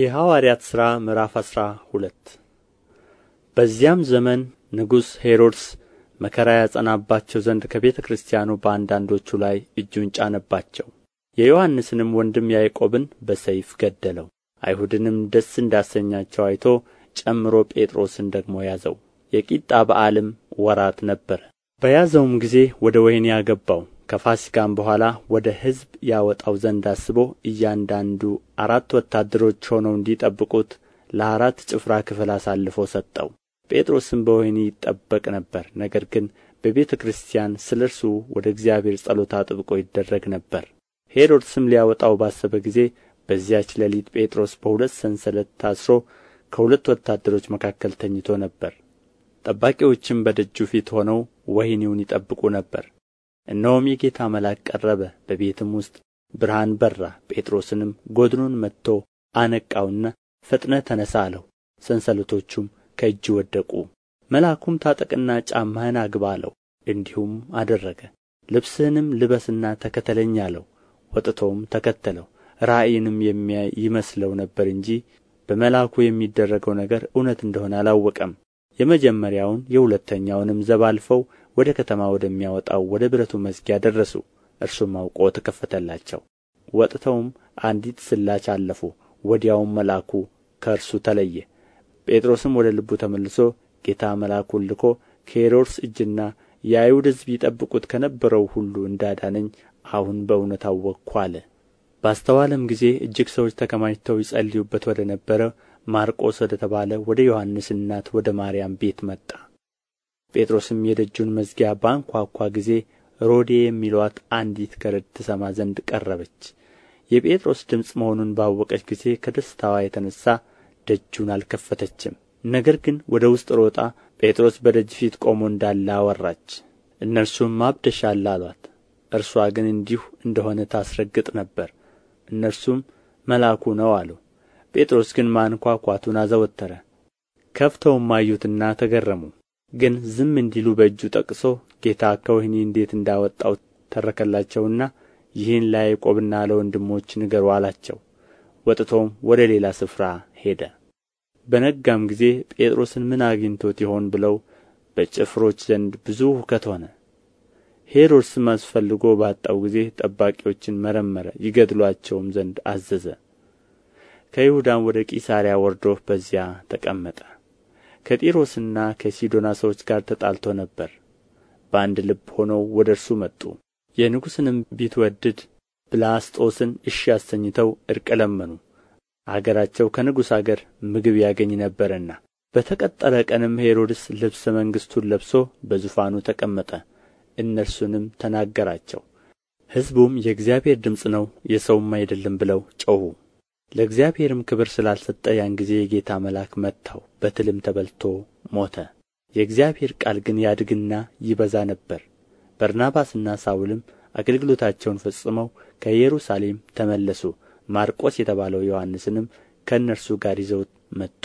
የሐዋርያት ሥራ ምዕራፍ አስራ ሁለት በዚያም ዘመን ንጉሥ ሄሮድስ መከራ ያጸናባቸው ዘንድ ከቤተ ክርስቲያኑ በአንዳንዶቹ ላይ እጁን ጫነባቸው። የዮሐንስንም ወንድም ያዕቆብን በሰይፍ ገደለው። አይሁድንም ደስ እንዳሰኛቸው አይቶ ጨምሮ ጴጥሮስን ደግሞ ያዘው። የቂጣ በዓልም ወራት ነበረ። በያዘውም ጊዜ ወደ ወኅኒ አገባው። ከፋሲካም በኋላ ወደ ሕዝብ ያወጣው ዘንድ አስቦ እያንዳንዱ አራት ወታደሮች ሆነው እንዲጠብቁት ለአራት ጭፍራ ክፍል አሳልፎ ሰጠው። ጴጥሮስም በወኅኒ ይጠበቅ ነበር፣ ነገር ግን በቤተ ክርስቲያን ስለ እርሱ ወደ እግዚአብሔር ጸሎት አጥብቆ ይደረግ ነበር። ሄሮድስም ሊያወጣው ባሰበ ጊዜ በዚያች ሌሊት ጴጥሮስ በሁለት ሰንሰለት ታስሮ ከሁለት ወታደሮች መካከል ተኝቶ ነበር። ጠባቂዎችም በደጁ ፊት ሆነው ወኅኒውን ይጠብቁ ነበር። እነሆም የጌታ መልአክ ቀረበ በቤትም ውስጥ ብርሃን በራ ጴጥሮስንም ጎድኑን መትቶ አነቃውና ፈጥነህ ተነሣ አለው ሰንሰለቶቹም ከእጅ ወደቁ መልአኩም ታጠቅና ጫማህን አግባ አለው እንዲሁም አደረገ ልብስህንም ልበስና ተከተለኝ አለው ወጥቶም ተከተለው ራእይንም የሚያይ ይመስለው ነበር እንጂ በመልአኩ የሚደረገው ነገር እውነት እንደሆነ አላወቀም የመጀመሪያውን የሁለተኛውንም ዘብ አልፈው ወደ ከተማ ወደሚያወጣው ወደ ብረቱ መዝጊያ ደረሱ እርሱም አውቆ ተከፈተላቸው ወጥተውም አንዲት ስላች አለፉ ወዲያውም መልአኩ ከእርሱ ተለየ ጴጥሮስም ወደ ልቡ ተመልሶ ጌታ መልአኩን ልኮ ከሄሮድስ እጅና የአይሁድ ሕዝብ ይጠብቁት ከነበረው ሁሉ እንዳዳነኝ አሁን በእውነት አወቅኩ አለ ባስተዋለም ጊዜ እጅግ ሰዎች ተከማችተው ይጸልዩበት ወደ ነበረ ማርቆስ ወደ ተባለ ወደ ዮሐንስ እናት ወደ ማርያም ቤት መጣ ጴጥሮስም የደጁን መዝጊያ ባንኳኳ ጊዜ ሮዴ የሚሉአት አንዲት ገረድ ትሰማ ዘንድ ቀረበች የጴጥሮስ ድምፅ መሆኑን ባወቀች ጊዜ ከደስታዋ የተነሣ ደጁን አልከፈተችም ነገር ግን ወደ ውስጥ ሮጣ ጴጥሮስ በደጅ ፊት ቆሞ እንዳለ አወራች እነርሱም አብደሻል አሏት እርሷ ግን እንዲሁ እንደሆነ ታስረግጥ ነበር እነርሱም መልአኩ ነው አሉ ጴጥሮስ ግን ማንኳኳቱን አዘወተረ ከፍተውም አዩትና ተገረሙ ግን ዝም እንዲሉ በእጁ ጠቅሶ ጌታ ከወህኒ እንዴት እንዳወጣው ተረከላቸውና ይህን ለያዕቆብና ለወንድሞች ንገሩ አላቸው። ወጥቶም ወደ ሌላ ስፍራ ሄደ። በነጋም ጊዜ ጴጥሮስን ምን አግኝቶት ይሆን ብለው በጭፍሮች ዘንድ ብዙ ሁከት ሆነ። ሄሮድስም አስፈልጎ ባጣው ጊዜ ጠባቂዎችን መረመረ፣ ይገድሏቸውም ዘንድ አዘዘ። ከይሁዳም ወደ ቂሳርያ ወርዶ በዚያ ተቀመጠ። ከጢሮስና ከሲዶና ሰዎች ጋር ተጣልቶ ነበር በአንድ ልብ ሆነው ወደ እርሱ መጡ የንጉሥንም ቢትወድድ ብላስጦስን እሺ አሰኝተው ዕርቅ ለመኑ አገራቸው ከንጉሥ አገር ምግብ ያገኝ ነበርና በተቀጠረ ቀንም ሄሮድስ ልብሰ መንግሥቱን ለብሶ በዙፋኑ ተቀመጠ እነርሱንም ተናገራቸው ሕዝቡም የእግዚአብሔር ድምፅ ነው የሰውም አይደለም ብለው ጮኹ ለእግዚአብሔርም ክብር ስላልሰጠ ያን ጊዜ የጌታ መልአክ መታው በትልም ተበልቶ ሞተ። የእግዚአብሔር ቃል ግን ያድግና ይበዛ ነበር። በርናባስና ሳውልም አገልግሎታቸውን ፈጽመው ከኢየሩሳሌም ተመለሱ። ማርቆስ የተባለው ዮሐንስንም ከእነርሱ ጋር ይዘው መጡ።